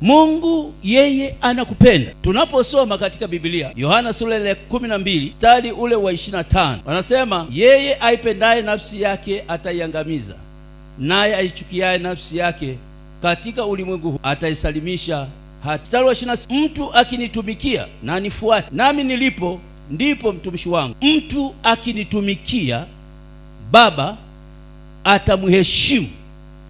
Mungu yeye anakupenda. Tunaposoma katika Biblia Yohana sura ya kumi na mbili mstari ule wa ishirini na tano wanasema yeye aipendaye nafsi yake ataiangamiza, naye aichukiaye nafsi yake katika ulimwengu huu ataisalimisha hata. Mstari wa ishirini na sita mtu akinitumikia na nifuate, nami nilipo ndipo mtumishi wangu. Mtu akinitumikia Baba atamheshimu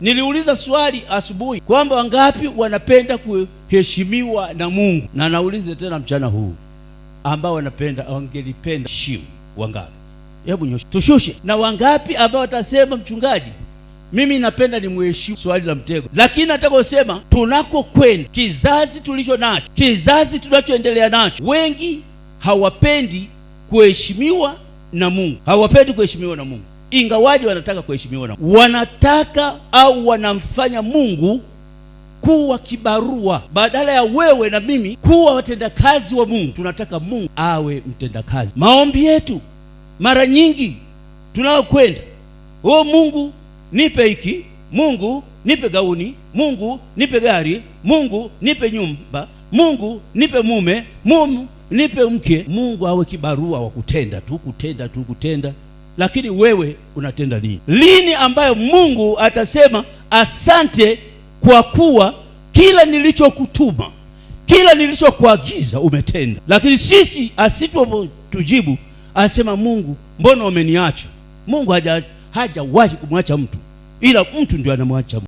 Niliuliza swali asubuhi kwamba wangapi wanapenda kuheshimiwa na Mungu, na naulize tena mchana huu ambao wanapenda wangelipenda shimu wangapi? Hebu nyosha tushushe. Na wangapi ambao watasema mchungaji, mimi napenda mheshimu? Swali la mtego. Lakini nataka kusema tunakokwenda, kizazi tulicho nacho, kizazi tunachoendelea nacho, wengi hawapendi kuheshimiwa na Mungu, hawapendi kuheshimiwa na Mungu ingawaje wanataka kuheshimiwa na wanataka au wanamfanya Mungu kuwa kibarua badala ya wewe na mimi kuwa watendakazi wa Mungu. Tunataka Mungu awe mtendakazi. Maombi yetu mara nyingi tunayokwenda, o Mungu nipe hiki, Mungu nipe gauni, Mungu nipe gari, Mungu nipe nyumba, Mungu nipe mume, Mungu nipe mke. Mungu awe kibarua wa kutenda tu, kutenda tu, kutenda lakini wewe unatenda nini? Lini ambayo Mungu atasema asante kwa kuwa kila nilichokutuma kila nilichokuagiza umetenda? Lakini sisi asipotujibu asema, Mungu mbona umeniacha? Mungu hajawahi haja kumwacha mtu, ila mtu ndio anamwacha.